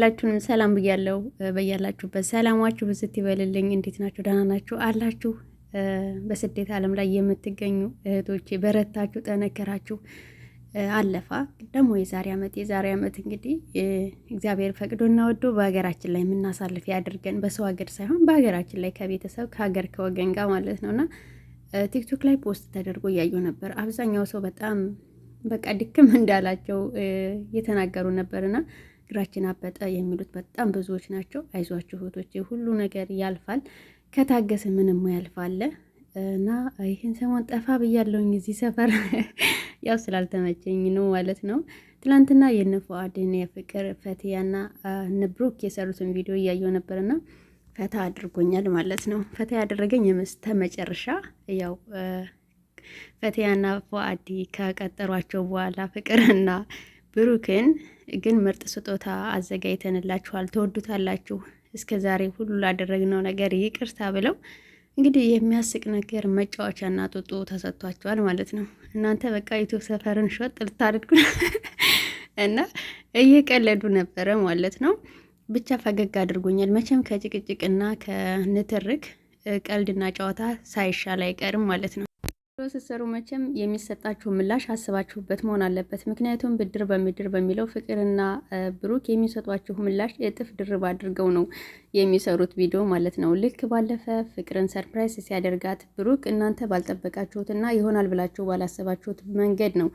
ሁላችሁንም ሰላም ብያለሁ። በያላችሁበት ሰላማችሁ ብዝት ይበልልኝ። እንዴት ናችሁ? ደህና ናችሁ አላችሁ? በስደት ዓለም ላይ የምትገኙ እህቶቼ በረታችሁ፣ ጠነከራችሁ። አለፋ ደግሞ የዛሬ ዓመት የዛሬ ዓመት እንግዲህ እግዚአብሔር ፈቅዶና ወዶ በሀገራችን ላይ የምናሳልፍ ያድርገን። በሰው ሀገር ሳይሆን በሀገራችን ላይ ከቤተሰብ ከሀገር ከወገን ጋር ማለት ነው እና ቲክቶክ ላይ ፖስት ተደርጎ እያየሁ ነበር። አብዛኛው ሰው በጣም በቃ ድክም እንዳላቸው እየተናገሩ ነበርና እግራችን አበጠ የሚሉት በጣም ብዙዎች ናቸው። አይዟችሁ እህቶቼ፣ ሁሉ ነገር ያልፋል። ከታገስ ምንም ያልፋለ እና ይህን ሰሞን ጠፋ ብያለውኝ እዚህ ሰፈር ያው ስላልተመቸኝ ነው ማለት ነው። ትላንትና የነ ፉአድን የፍቅር ፈትያና ንብሩክ የሰሩትን ቪዲዮ እያየው ነበርና ፈታ አድርጎኛል ማለት ነው። ፈታ ያደረገኝ የመስተ መጨረሻ ያው ፈትያና ፉአድ ከቀጠሯቸው በኋላ ፍቅርና ብሩክን ግን ምርጥ ስጦታ አዘጋጅተንላችኋል፣ ትወዱታላችሁ። እስከ ዛሬ ሁሉ ላደረግነው ነገር ይቅርታ ብለው እንግዲህ የሚያስቅ ነገር መጫወቻና ጡጦ ተሰጥቷቸዋል ማለት ነው። እናንተ በቃ ዩቱብ ሰፈርን ሾጥ ልታደርጉ እና እየቀለዱ ነበረ ማለት ነው። ብቻ ፈገግ አድርጎኛል። መቼም ከጭቅጭቅና ከንትርክ ቀልድና ጨዋታ ሳይሻል አይቀርም ማለት ነው። ስትሰሩ መቼም የሚሰጣችሁ ምላሽ አስባችሁበት መሆን አለበት። ምክንያቱም ብድር በምድር በሚለው ፍቅርና ብሩክ የሚሰጧችሁ ምላሽ እጥፍ ድርብ አድርገው ነው የሚሰሩት ቪዲዮ ማለት ነው። ልክ ባለፈ ፍቅርን ሰርፕራይዝ ሲያደርጋት ብሩክ እናንተ ባልጠበቃችሁትና ይሆናል ብላችሁ ባላሰባችሁት መንገድ ነው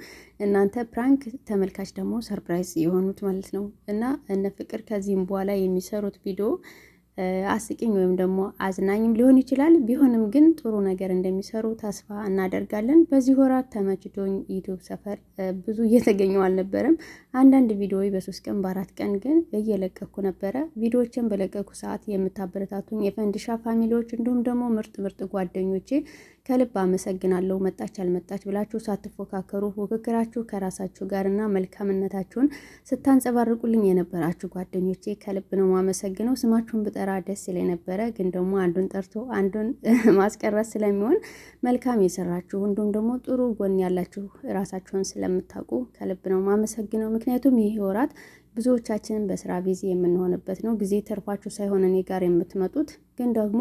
እናንተ ፕራንክ፣ ተመልካች ደግሞ ሰርፕራይዝ የሆኑት ማለት ነው እና እነ ፍቅር ከዚህም በኋላ የሚሰሩት ቪዲዮ አስቂኝ ወይም ደግሞ አዝናኝም ሊሆን ይችላል። ቢሆንም ግን ጥሩ ነገር እንደሚሰሩ ተስፋ እናደርጋለን። በዚህ ወራት ተመችቶኝ ዩቱብ ሰፈር ብዙ እየተገኘው አልነበረም። አንዳንድ ቪዲዮ በሶስት ቀን በአራት ቀን ግን እየለቀኩ ነበረ። ቪዲዮዎችን በለቀኩ ሰዓት የምታበረታቱኝ የፈንዲሻ ፋሚሊዎች እንዲሁም ደግሞ ምርጥ ምርጥ ጓደኞቼ ከልብ አመሰግናለሁ። መጣች አልመጣች ብላችሁ ሳትፎካከሩ ምክክራችሁ ከራሳችሁ ጋርና መልካምነታችሁን ስታንጸባርቁልኝ የነበራችሁ ጓደኞቼ ከልብ ነው ማመሰግነው። ስማችሁን ብጠራ ደስ ይል ነበረ፣ ግን ደግሞ አንዱን ጠርቶ አንዱን ማስቀረት ስለሚሆን መልካም የሰራችሁ እንዲሁም ደግሞ ጥሩ ጎን ያላችሁ ራሳችሁን ስለምታውቁ ከልብ ነው ማመሰግነው። ምክንያቱም ይህ ወራት ብዙዎቻችንን በስራ ቢዚ የምንሆንበት ነው። ጊዜ ተርፏችሁ ሳይሆን እኔ ጋር የምትመጡት ግን ደግሞ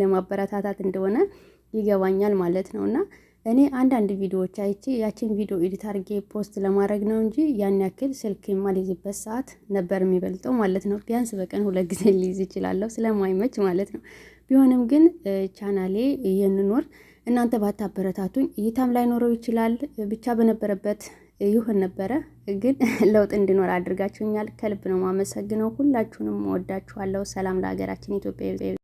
ለማበረታታት እንደሆነ ይገባኛል ማለት ነው። እና እኔ አንዳንድ ቪዲዮዎች አይቼ ያችን ቪዲዮ ኤዲት አድርጌ ፖስት ለማድረግ ነው እንጂ ያን ያክል ስልክ የማልይዝበት ሰዓት ነበር የሚበልጠው ማለት ነው። ቢያንስ በቀን ሁለት ጊዜ ሊይዝ ይችላለሁ ስለማይመች ማለት ነው። ቢሆንም ግን ቻናሌ የንኖር እናንተ ባታበረታቱኝ እይታም ላይኖረው ይችላል። ብቻ በነበረበት ይሁን ነበረ፣ ግን ለውጥ እንዲኖር አድርጋችሁኛል። ከልብ ነው ማመሰግነው። ሁላችሁንም ወዳችኋለሁ። ሰላም ለሀገራችን ኢትዮጵያ።